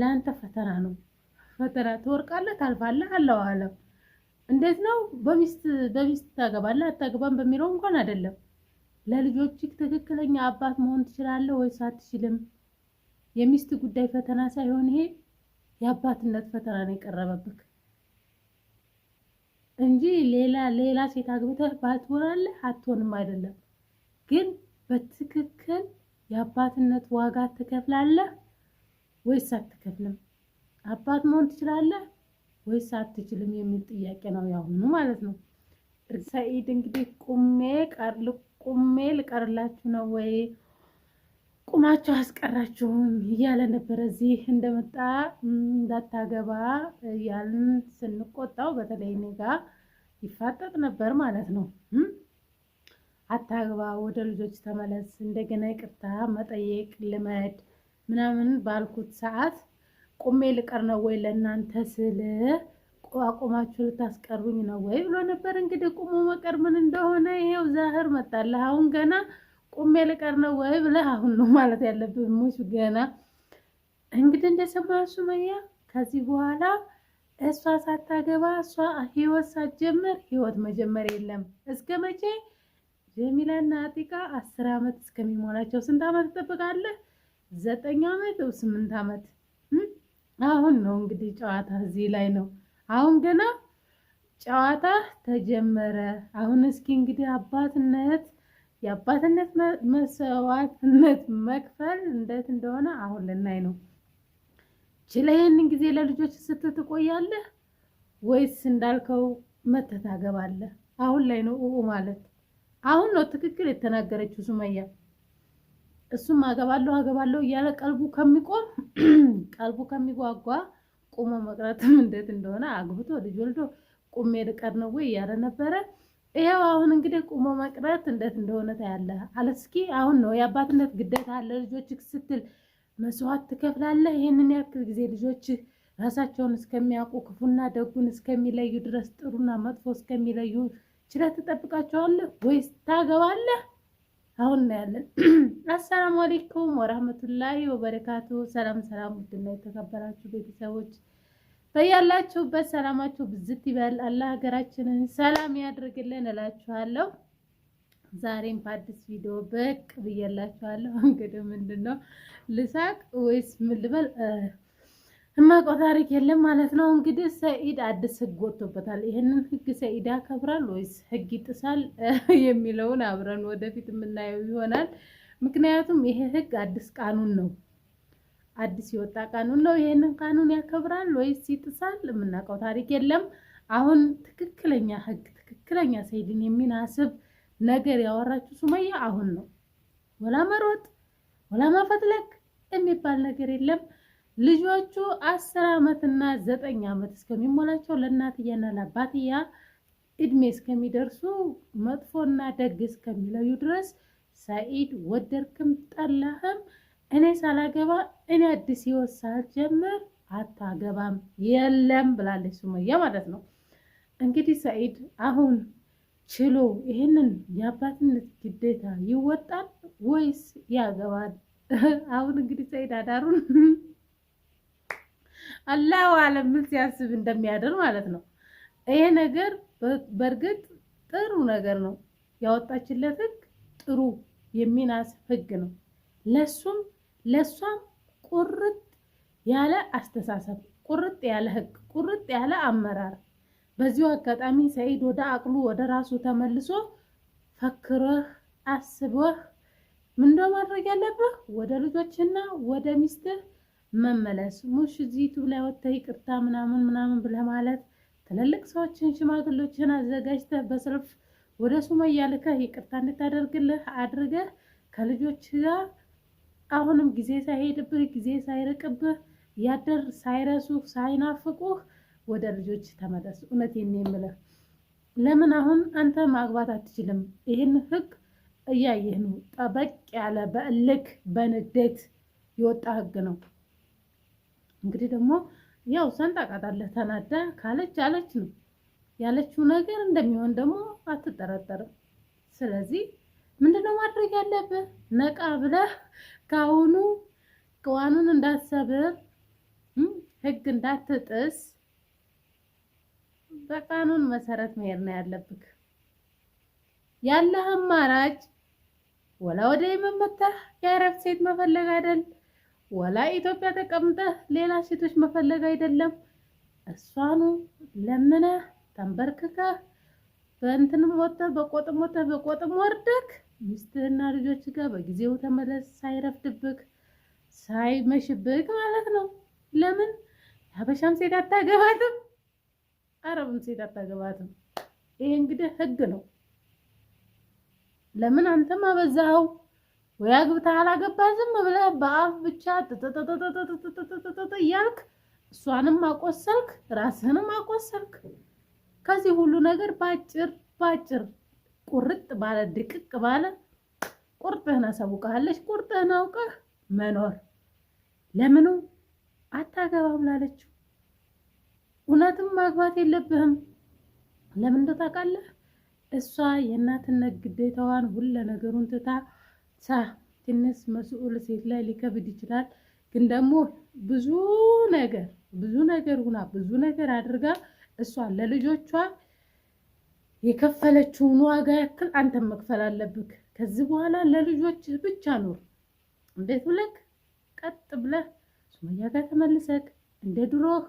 ለአንተ ፈተና ነው። ፈተና ትወርቃለህ፣ ታልፋለህ፣ አለው አለው። እንዴት ነው በሚስት በሚስት ታገባለህ አታገባም በሚለው እንኳን አይደለም። ለልጆች ትክክለኛ አባት መሆን ትችላለህ ወይስ አትችልም? የሚስት ጉዳይ ፈተና ሳይሆን ይሄ የአባትነት ፈተና ነው የቀረበብህ እንጂ ሌላ ሌላ ሴት አግብተህ ባትሆናለህ አትሆንም አይደለም። ግን በትክክል የአባትነት ዋጋ ትከፍላለህ። ወይስ አትከፍልም? አባት መሆን ትችላለህ ወይስ አትችልም የሚል ጥያቄ ነው ያሁኑ ማለት ነው። ሰኢድ እንግዲህ ቁሜ ቁሜ ልቀርላችሁ ነው ወይ ቁማችሁ አስቀራችሁም እያለ ነበረ። እዚህ እንደመጣ እንዳታገባ ያልን ስንቆጣው በተለይ ኔጋ ይፋጠጥ ነበር ማለት ነው። አታግባ፣ ወደ ልጆች ተመለስ፣ እንደገና ይቅርታ መጠየቅ ልመድ ምናምን ባልኩት ሰዓት ቁሜ ልቀር ነው ወይ ለእናንተ ስል አቁማችሁ ልታስቀሩኝ ነው ወይ ብሎ ነበር። እንግዲህ ቁሞ መቀር ምን እንደሆነ ይሄው ዛህር መጣለህ። አሁን ገና ቁሜ ልቀር ነው ወይ ብለህ አሁን ነው ማለት ያለብህ። ሙሽ ገና እንግዲህ እንደሰማ ሱመያ ከዚህ በኋላ እሷ ሳታገባ እሷ ህይወት ሳትጀምር ህይወት መጀመር የለም እስከ መቼ? ጀሚላና አጢቃ አስር ዓመት እስከሚሞላቸው ስንት ዓመት ትጠብቃለህ? ዘጠኝ ዓመት ው ስምንት ዓመት አሁን ነው እንግዲህ ጨዋታ እዚህ ላይ ነው። አሁን ገና ጨዋታ ተጀመረ። አሁን እስኪ እንግዲህ አባትነት የአባትነት መስዋዕትነት መክፈል እንዴት እንደሆነ አሁን ልናይ ነው። ችለ ይህንን ጊዜ ለልጆች ስትል ትቆያለህ ወይስ እንዳልከው መተታገባለህ? አሁን ላይ ነው ማለት አሁን ነው ትክክል የተናገረችው ሱመያ። እሱም አገባለሁ አገባለሁ እያለ ቀልቡ ከሚቆም ቀልቡ ከሚጓጓ ቁሞ መቅረትም እንዴት እንደሆነ አግብቶ ልጅ ወልዶ ቁሜ ልቀር ነው ወይ እያለ ነበረ። ይሄው አሁን እንግዲህ ቁሞ መቅረት እንዴት እንደሆነ ታያለህ አለስኪ አሁን ነው የአባትነት ግዴታ አለ። ልጆችህ ስትል መስዋዕት ትከፍላለህ። ይህንን ያክል ጊዜ ልጆችህ ራሳቸውን እስከሚያውቁ ክፉና ደጉን እስከሚለዩ ድረስ ጥሩና መጥፎ እስከሚለዩ ችለህ ትጠብቃቸዋለህ ወይስ ታገባለህ? አሁን እናያለን። አሰላሙ አሌይኩም ወራህመቱላሂ ወበረካቱ። ሰላም ሰላም፣ ውድና የተከበራችሁ ቤተሰቦች በያላችሁበት ሰላማችሁ ብዝት ይበል። አላህ ሀገራችንን ሰላም ያድርግልን እላችኋለሁ። ዛሬም በአዲስ ቪዲዮ ብቅ ብያላችኋለሁ። እንግዲህ ምንድን ነው ልሳቅ ወይስ ምን ልበል? እማቆ ታሪክ የለም ማለት ነው። እንግዲህ ሰኢድ አዲስ ህግ ወጥቶበታል። ይህንን ህግ ሰኢድ ያከብራል ወይስ ህግ ይጥሳል የሚለውን አብረን ወደፊት የምናየው ይሆናል። ምክንያቱም ይሄ ህግ አዲስ ቃኑን ነው፣ አዲስ የወጣ ቃኑን ነው። ይህንን ቃኑን ያከብራል ወይስ ይጥሳል የምናውቀው ታሪክ የለም። አሁን ትክክለኛ ህግ፣ ትክክለኛ ሰኢድን የሚናስብ ነገር ያወራችሁ ሱመያ አሁን ነው። ወላ መሮጥ ወላ ማፈትለክ የሚባል ነገር የለም። ልጆቹ አስር ዓመትና ዘጠኝ ዓመት እስከሚሞላቸው ለእናትያና ለአባትያ እድሜ እስከሚደርሱ መጥፎና ደግ እስከሚለዩ ድረስ ሰኢድ ወደድክም ጠላህም እኔ ሳላገባ እኔ አዲስ ሕይወት ሳልጀምር አታገባም የለም ብላለች ሱመያ ማለት ነው። እንግዲህ ሰኢድ አሁን ችሎ ይህንን የአባትነት ግዴታ ይወጣል ወይስ ያገባል? አሁን እንግዲህ ሰኢድ አዳሩን አላሁ አለም ምን ሲያስብ እንደሚያደር ማለት ነው። ይሄ ነገር በእርግጥ ጥሩ ነገር ነው። ያወጣችለት ህግ ጥሩ የሚናስ ህግ ነው። ለሱም ለሷም ቁርጥ ያለ አስተሳሰብ፣ ቁርጥ ያለ ህግ፣ ቁርጥ ያለ አመራር። በዚሁ አጋጣሚ ሰኢድ ወደ አቅሉ ወደ ራሱ ተመልሶ ፈክረህ አስበህ ምን ማድረግ ያለብህ ወደ ልጆችና ወደ ሚስትህ መመለስ ሙሽ እዚህ ዩቱብ ላይ ወጥተህ ይቅርታ ምናምን ምናምን ብለህ ማለት ትልልቅ ሰዎችን ሽማግሎችን አዘጋጅተህ በሰልፍ ወደ ሱመያ ልከህ ይቅርታ እንድታደርግልህ አድርገህ ከልጆች ጋር አሁንም ጊዜ ሳይሄድብህ ጊዜ ሳይርቅብህ ያደር ሳይረሱህ ሳይናፍቁህ ወደ ልጆች ተመለስ። እውነቴን ነው የምልህ። ለምን አሁን አንተ ማግባት አትችልም? ይህን ህግ እያየህ ነው። ጠበቅ ያለ በእልክ በንዴት የወጣ ህግ ነው። እንግዲህ ደግሞ ያው ሰንጣቃጣለህ ተናዳ ካለች አለች ነው ያለችው ነገር እንደሚሆን ደግሞ አትጠረጠርም። ስለዚህ ምንድነው ማድረግ ያለብህ? ነቃ ብለህ ካሁኑ ቅዋኑን እንዳትሰብር፣ ህግ እንዳትጥስ በቃኑን መሰረት መሄድ ነው ያለብህ። ያለህ አማራጭ ወላ ወደ የመመታ የአረብ ሴት መፈለግ አይደል ወላ ኢትዮጵያ ተቀምጠህ ሌላ ሴቶች መፈለግ አይደለም። እሷኑ ለምነህ ተንበርክከህ በእንትንም ወጥተህ በቆጥም ወጥተህ በቆጥም ወርደህ ሚስትህና ልጆች ጋር በጊዜው ተመለስ፣ ሳይረፍድብክ ሳይመሽብክ ማለት ነው። ለምን የሀበሻም ሴት አታገባትም፣ አረብም ሴት አታገባትም። ይሄ እንግዲህ ህግ ነው። ለምን አንተም አበዛኸው። ወይ አግብተህ አላገባህ ዝም ብለህ በአፍ ብቻ እያልክ እሷንም አቆሰልክ፣ ራስህንም አቆሰልክ። ከዚህ ሁሉ ነገር ባጭር ባጭር ቁርጥ ባለ ድቅቅ ባለ ቁርጥህን አሳውቃለች። ቁርጥህን አውቀህ መኖር ለምኑ አታገባም ላለችው እውነትም ማግባት የለብህም። ለምን ታውቃለህ፣ እሷ የእናትነት ግዴታዋን ሁለ ነገሩን ትታ ሳ ትንሽ መስኡል ሴት ላይ ሊከብድ ይችላል። ግን ደግሞ ብዙ ነገር ብዙ ነገር ሁና ብዙ ነገር አድርጋ እሷ ለልጆቿ የከፈለችውን ዋጋ ያክል አንተን መክፈል አለብክ ከዚህ በኋላ ለልጆችህ ብቻ ኑር። እንዴት ብለህ ቀጥ ብለህ ሱመያ ጋር ተመልሰህ እንደ ድሮህ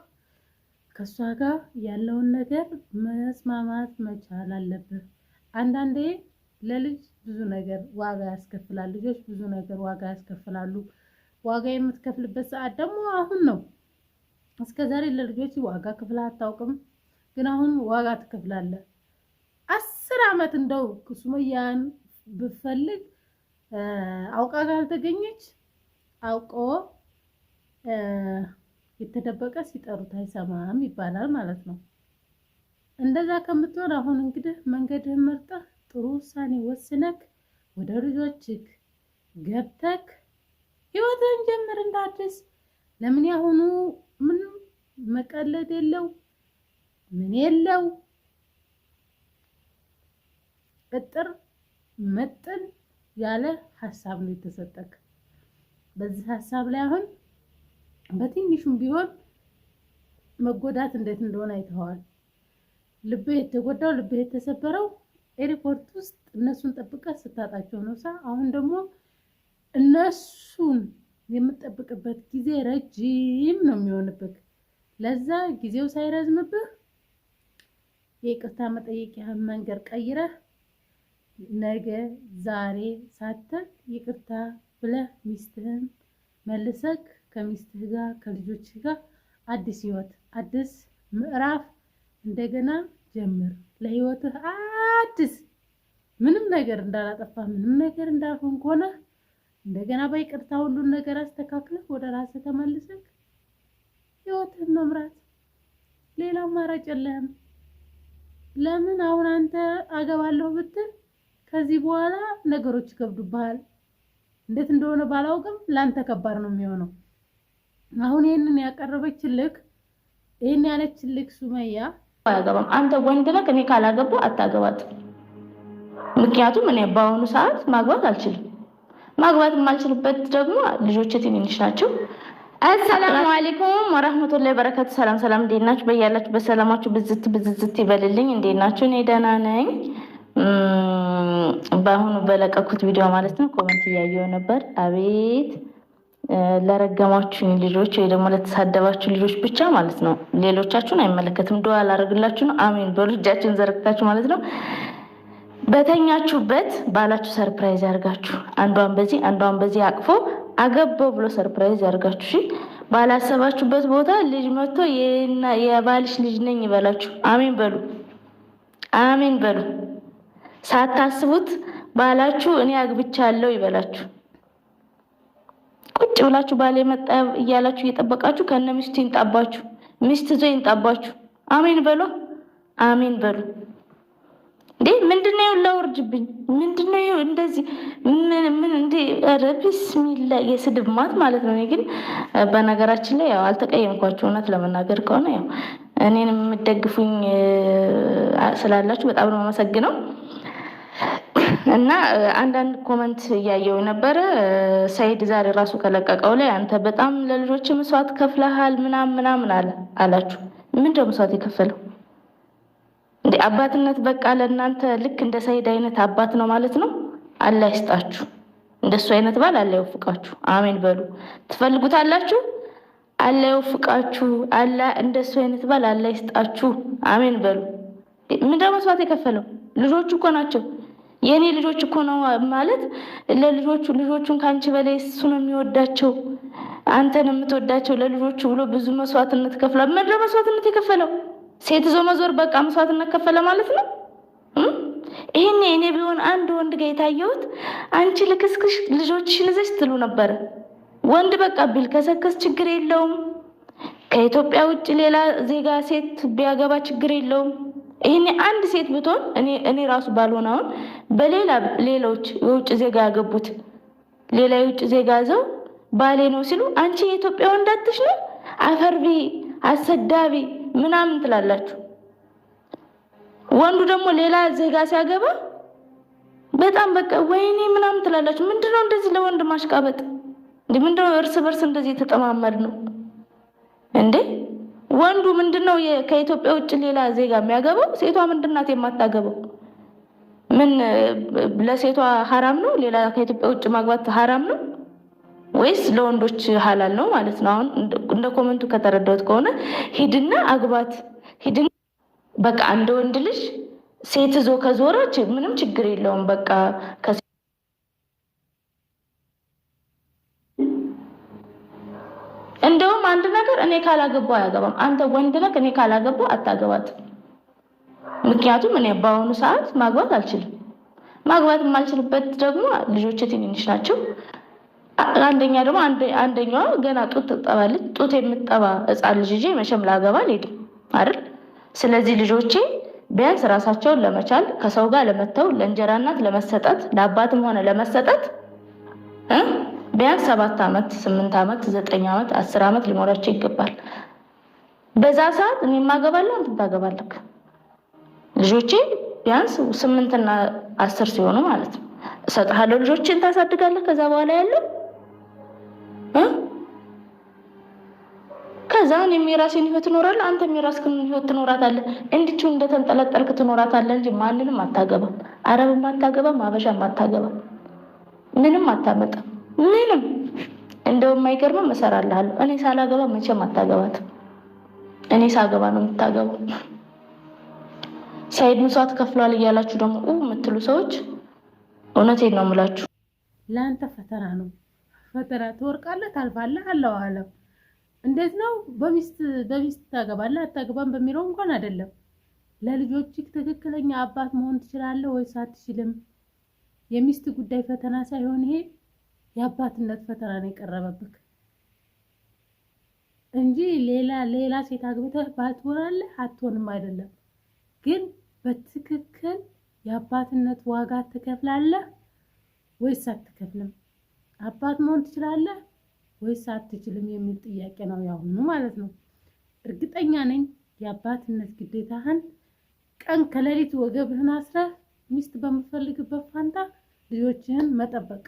ከእሷ ጋር ያለውን ነገር መስማማት መቻል አለብህ። አንዳንዴ ለልጅ ብዙ ነገር ዋጋ ያስከፍላል። ልጆች ብዙ ነገር ዋጋ ያስከፍላሉ። ዋጋ የምትከፍልበት ሰዓት ደግሞ አሁን ነው። እስከ ዛሬ ለልጆች ዋጋ ክፍል አታውቅም፣ ግን አሁን ዋጋ ትከፍላለ። አስር ዓመት እንደው ሱመያን ብፈልግ አውቃ ካልተገኘች አውቆ የተደበቀ ሲጠሩት አይሰማም ይባላል ማለት ነው። እንደዛ ከምትሆን አሁን እንግዲህ መንገድህን መርጠህ ጥሩ ውሳኔ ወስነክ ወደ ልጆችክ ገብተክ ህይወትን ጀምር እንዳዲስ። ለምን ያሁኑ ምን መቀለድ የለው ምን የለው እጥር መጥን ያለ ሀሳብ ነው የተሰጠክ። በዚህ ሀሳብ ላይ አሁን በትንሹም ቢሆን መጎዳት እንዴት እንደሆነ አይተኸዋል። ልብህ የተጎዳው ልብህ የተሰበረው ኤርፖርት ውስጥ እነሱን ጠብቀ ስታጣቸው ነው ሳ አሁን ደግሞ እነሱን የምጠብቅበት ጊዜ ረጅም ነው የሚሆንብህ። ለዛ ጊዜው ሳይረዝምብህ የይቅርታ መጠየቂያ መንገድ ቀይረህ ነገ ዛሬ ሳትል ይቅርታ ብለህ ሚስትህን መልሰክ ከሚስትህ ጋር ከልጆችህ ጋር አዲስ ህይወት አዲስ ምዕራፍ እንደገና ጀምር። ለህይወትህ አዲስ ምንም ነገር እንዳላጠፋ ምንም ነገር እንዳልሆን ከሆነ እንደገና በይቅርታ ሁሉን ነገር አስተካክለህ ወደ ራስህ ተመልሰህ ህይወትህን መምራት ሌላ አማራጭ የለህም። ለምን አሁን አንተ አገባለሁ ብትል ከዚህ በኋላ ነገሮች ይከብዱብሃል። እንዴት እንደሆነ ባላውቅም ለአንተ ከባድ ነው የሚሆነው። አሁን ይህንን ያቀረበችልክ ይህን ያለችልክ ሱመያ አያገባም። አንተ ወንድ ነህ፣ እኔ ካላገባ አታገባት። ምክንያቱም እኔ በአሁኑ ሰዓት ማግባት አልችልም። ማግባት የማልችልበት ደግሞ ልጆች ትንንሽ ናቸው። አሰላሙ አለይኩም ወራህመቱላሂ ወበረካቱ። ሰላም ሰላም፣ እንዴት ናችሁ? በያላችሁ በሰላማችሁ ብዝት ብዝዝት ይበልልኝ። እንዴት ናችሁ? እኔ ደህና ነኝ። በአሁኑ በለቀኩት ቪዲዮ ማለት ነው ኮመንት እያየሁ ነበር። አቤት ለረገማችሁኝ ልጆች ወይ ደግሞ ለተሳደባችሁን ልጆች ብቻ ማለት ነው። ሌሎቻችሁን አይመለከትም። ዱዓ ላደርግላችሁ ነው። አሜን በሉ እጃችሁን ዘረግታችሁ ማለት ነው። በተኛችሁበት ባላችሁ ሰርፕራይዝ ያርጋችሁ። አንዷን በዚህ አንዷን በዚህ አቅፎ አገባው ብሎ ሰርፕራይዝ ያርጋችሁ። እሺ ባላሰባችሁበት ቦታ ልጅ መጥቶ የባልሽ ልጅ ነኝ ይበላችሁ። አሜን በሉ አሜን በሉ። ሳታስቡት ባላችሁ እኔ አግብቻለሁ ይበላችሁ። ቁጭ ብላችሁ ባሌ መጣ እያላችሁ እየጠበቃችሁ ከነ ሚስቱ ይንጣባችሁ፣ ሚስት ይዞ ይንጣባችሁ። አሜን በሉ፣ አሜን በሉ። እንዴ ምንድነው ላወርጅብኝ? ምንድነው እንደዚህ ምን ምን እንዴ? ኧረ ቢስሚላ የስድብ ማት ማለት ነው። ግን በነገራችን ላይ ያው አልተቀየምኳችሁ። እውነት ለመናገር ከሆነ ያው እኔን የምደግፉኝ ስላላችሁ በጣም ነው የማመሰግነው። እና አንዳንድ ኮመንት እያየው ነበረ። ሰይድ ዛሬ ራሱ ከለቀቀው ላይ አንተ በጣም ለልጆች መስዋዕት ከፍለሃል ምናም ምናምን አላችሁ። ምንድን ነው መስዋዕት የከፈለው እንዲ አባትነት በቃ ለእናንተ ልክ እንደ ሰይድ አይነት አባት ነው ማለት ነው። አላህ ይስጣችሁ። እንደሱ አይነት ባል አላህ ይወፍቃችሁ። አሜን በሉ። ትፈልጉታላችሁ። አላህ ይወፍቃችሁ። አላህ እንደሱ አይነት ባል አላህ ይስጣችሁ። አሜን በሉ። ምንድን ነው መስዋዕት የከፈለው? ልጆቹ እኮ ናቸው የእኔ ልጆች እኮ ነው ማለት ለልጆቹ ልጆቹን ከአንቺ በላይ እሱ ነው የሚወዳቸው አንተን የምትወዳቸው ለልጆቹ ብሎ ብዙ መስዋዕትነት ከፍሏል። ምድረ መስዋዕትነት የከፈለው ሴት ዞ መዞር በቃ መስዋዕትነት ከፈለ ማለት ነው። ይህኔ እኔ ቢሆን አንድ ወንድ ጋር የታየሁት አንቺ ልክስክሽ ልጆችሽን ይዘሽ ትሉ ነበረ። ወንድ በቃ ቢልከሰከስ ችግር የለውም ከኢትዮጵያ ውጭ ሌላ ዜጋ ሴት ቢያገባ ችግር የለውም። ይህኔ አንድ ሴት ብትሆን እኔ ራሱ ባልሆን አሁን በሌላ ሌሎች የውጭ ዜጋ ያገቡት ሌላ የውጭ ዜጋ ዘው ባሌ ነው ሲሉ አንቺ የኢትዮጵያ ወንዳትሽ ነው አፈርቢ አሰዳቢ ምናምን ትላላችሁ። ወንዱ ደግሞ ሌላ ዜጋ ሲያገባ በጣም በቃ ወይኔ ምናምን ትላላችሁ። ምንድነው እንደዚህ ለወንድ ማሽቃበጥ? ምንድነው እርስ በርስ እንደዚህ የተጠማመድ ነው እንዴ? ወንዱ ምንድነው ከኢትዮጵያ ውጭ ሌላ ዜጋ የሚያገባው? ሴቷ ምንድናት የማታገባው? ምን ለሴቷ ሀራም ነው? ሌላ ከኢትዮጵያ ውጭ ማግባት ሀራም ነው ወይስ ለወንዶች ሀላል ነው ማለት ነው? አሁን እንደ ኮመንቱ ከተረዳሁት ከሆነ ሂድና አግባት፣ ሂድና በቃ እንደ ወንድ ልጅ ሴት ዞ ከዞረ ምንም ችግር የለውም በቃ እንደውም አንድ ነገር እኔ ካላገባው አያገባም። አንተ ወንድ ነህ፣ እኔ ካላገባው አታገባትም። ምክንያቱም እኔ በአሁኑ ሰዓት ማግባት አልችልም። ማግባት የማልችልበት ደግሞ ልጆች ትንንሽ ናቸው። አንደኛ ደግሞ አንደኛዋ ገና ጡት ትጠባለች። ጡት የምትጠባ ህፃን ልጅ ይዤ መቼም ላገባ አልሄድም አይደል? ስለዚህ ልጆቼ ቢያንስ ራሳቸውን ለመቻል ከሰው ጋር ለመተው ለእንጀራ እናት ለመሰጠት ለአባትም ሆነ ለመሰጠት ቢያንስ ሰባት ዓመት ስምንት ዓመት ዘጠኝ ዓመት አስር ዓመት ሊኖራቸው ይገባል። በዛ ሰዓት እኔ የማገባለሁ አንተ ታገባለህ። ልጆቼ ቢያንስ ስምንትና አስር ሲሆኑ ማለት ነው እሰጥሃለሁ። ልጆችን ታሳድጋለህ። ከዛ በኋላ ያለው ከዛ እኔም የራሴን ህይወት እኖራለሁ፣ አንተም የራስህን ህይወት ትኖራታለህ። እንዲቹ እንደተንጠለጠልክ ትኖራታለህ እንጂ ማንንም አታገባም። አረብም አታገባም፣ አበሻም አታገባም። ምንም አታመጣም። ምንም እንደውም አይገርምም፣ እሰራልሃለሁ። እኔ ሳላገባ መቼም አታገባትም። እኔ ሳገባ ነው የምታገባው። ሳይድ መስዋዕት ከፍሏል እያላችሁ ደግሞ የምትሉ ሰዎች እውነቴን ነው የምላችሁ። ለአንተ ፈተና ነው ፈተና። ትወርቃለህ፣ ታልፋለህ፣ አለው አለው። እንዴት ነው በሚስት በሚስት ታገባለህ አታገባም በሚለው እንኳን አይደለም። ለልጆች ትክክለኛ አባት መሆን ትችላለህ ወይስ አትችልም? የሚስት ጉዳይ ፈተና ሳይሆን ይሄ የአባትነት ፈተና ነው የቀረበብክ እንጂ ሌላ ሌላ ሴት አግብተህ ባትሆናለህ አትሆንም አይደለም። ግን በትክክል የአባትነት ዋጋ ትከፍላለህ ወይስ አትከፍልም? አባት መሆን ትችላለህ ወይስ አትችልም የሚል ጥያቄ ነው ያሁኑ ማለት ነው። እርግጠኛ ነኝ የአባትነት ግዴታህን ቀን ከሌሊት ወገብህን አስረህ ሚስት በምትፈልግበት ፋንታ ልጆችህን መጠበቅ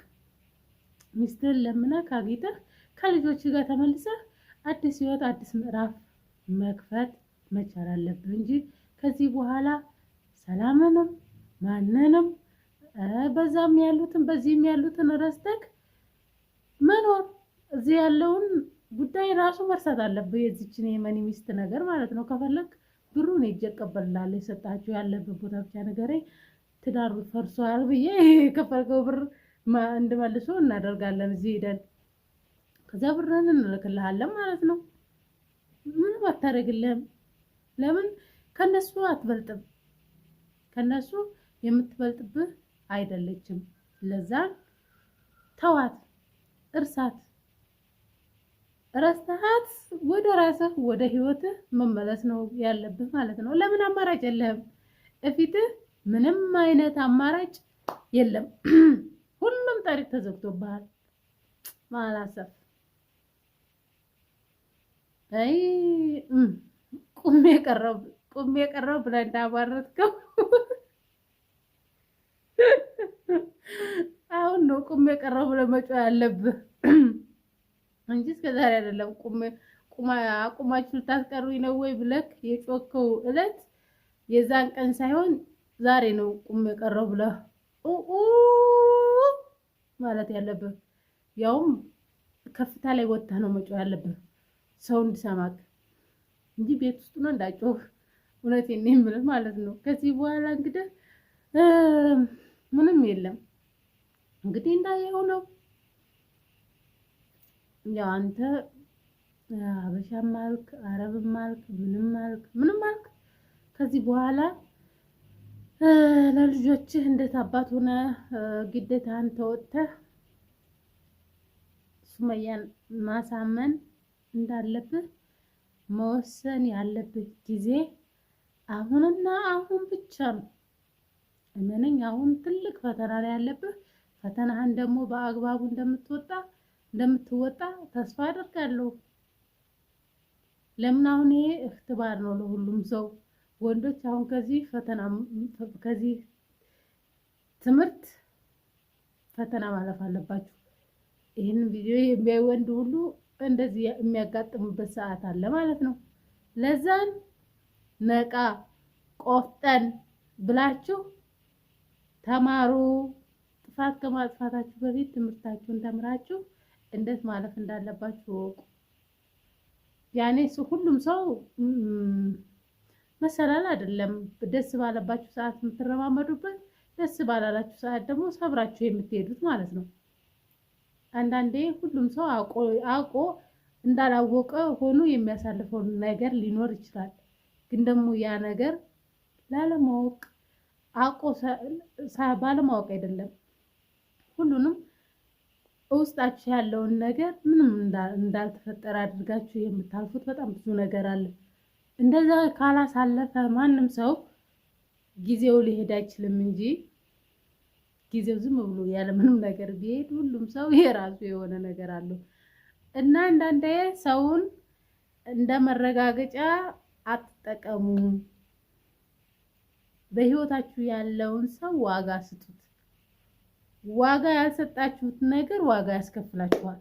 ሚስትህን ለምና ካጌጠህ ከልጆች ጋር ተመልሰህ አዲስ ህይወት አዲስ ምዕራፍ መክፈት መቻል አለብህ እንጂ ከዚህ በኋላ ሰላምንም ማንንም በዛም ያሉትን በዚህም ያሉትን ረስተክ መኖር እዚህ ያለውን ጉዳይ ራሱ መርሳት አለብህ። የዚችን የመኒ ሚስት ነገር ማለት ነው። ከፈለግ ብሩን ሄጄ እቀበላለሁ። የሰጣችሁ ያለበት ቦታ ብቻ ነገር ትዳሩ ፈርሷል ብዬ ከፈልከው ብር እንድመልሶ እናደርጋለን። እዚህ ሄደን ከዛ ብርን እንልክልሃለን ማለት ነው። ምንም አታደርግልህም። ለምን ከነሱ አትበልጥም። ከነሱ የምትበልጥብህ አይደለችም። ለዛን ተዋት፣ እርሳት። ረስተሃት ወደ ራስህ ወደ ህይወትህ መመለስ ነው ያለብህ ማለት ነው። ለምን አማራጭ የለህም። እፊትህ ምንም አይነት አማራጭ የለም። ሁሉም ታሪክ ተዘግቶብሃል። ማላሰብ አይ ቁሜ ቀረው ቁሜ ቀረው ብለህ እንዳባረትከው አሁን ነው ቁሜ ቀረው ብለህ መጮህ ያለብህ እንጂ እስከዛሬ አይደለም። ቁሜ ቁማ አቁማችሁ ልታስቀሩኝ ነው ወይ ብለክ የጮከው እለት የዛን ቀን ሳይሆን ዛሬ ነው ቁሜ ቀረው ብለህ ማለት ያለብህ ያውም ከፍታ ላይ ወጥተህ ነው መጮህ ያለብህ ሰው እንዲሰማክ እንጂ ቤት ውስጥ ነው እንዳጮህ። እውነቴን ነው የምልህ ማለት ነው። ከዚህ በኋላ እንግዲህ ምንም የለም እንግዲህ እንዳየው ነው። ያው አንተ አበሻም አልክ፣ አረብም አልክ፣ ምንም አልክ፣ ምንም አልክ ከዚህ በኋላ ለልጆችህ እንዴት አባት ሆነ ግዴታህን ተወጥተህ ሱመያን ማሳመን እንዳለብህ መወሰን ያለብህ ጊዜ አሁንና አሁን ብቻ ነው። እመነኝ፣ አሁን ትልቅ ፈተና ላይ ያለብህ። ፈተናህን ደግሞ በአግባቡ እንደምትወጣ እንደምትወጣ ተስፋ አደርጋለሁ። ለምን አሁን ይሄ እክትባር ነው ለሁሉም ሰው ወንዶች አሁን ከዚህ ፈተና ከዚህ ትምህርት ፈተና ማለፍ አለባችሁ። ይህንን ቪዲዮ የሚያይ ወንድ ሁሉ እንደዚህ የሚያጋጥሙበት ሰዓት አለ ማለት ነው። ለዛን ነቃ ቆፍጠን ብላችሁ ተማሩ። ጥፋት ከማጥፋታችሁ በፊት ትምህርታችሁን ተምራችሁ እንዴት ማለፍ እንዳለባችሁ ወቁ። ያኔ ሁሉም ሰው መሰላል አይደለም። ደስ ባለባችሁ ሰዓት የምትረማመዱበት፣ ደስ ባላላችሁ ሰዓት ደግሞ ሰብራችሁ የምትሄዱት ማለት ነው። አንዳንዴ ሁሉም ሰው አውቆ እንዳላወቀ ሆኖ የሚያሳልፈው ነገር ሊኖር ይችላል። ግን ደግሞ ያ ነገር ላለማወቅ አውቆ ባለማወቅ አይደለም። ሁሉንም ውስጣችሁ ያለውን ነገር ምንም እንዳልተፈጠረ አድርጋችሁ የምታልፉት በጣም ብዙ ነገር አለ። እንደዛ ካላሳለፈ ማንም ሰው ጊዜው ሊሄድ አይችልም እንጂ ጊዜው ዝም ብሎ ያለምንም ነገር ቢሄድ ሁሉም ሰው የራሱ የሆነ ነገር አለው እና አንዳንዴ ሰውን እንደ መረጋገጫ አትጠቀሙ። በህይወታችሁ ያለውን ሰው ዋጋ ስጡት። ዋጋ ያልሰጣችሁት ነገር ዋጋ ያስከፍላችኋል።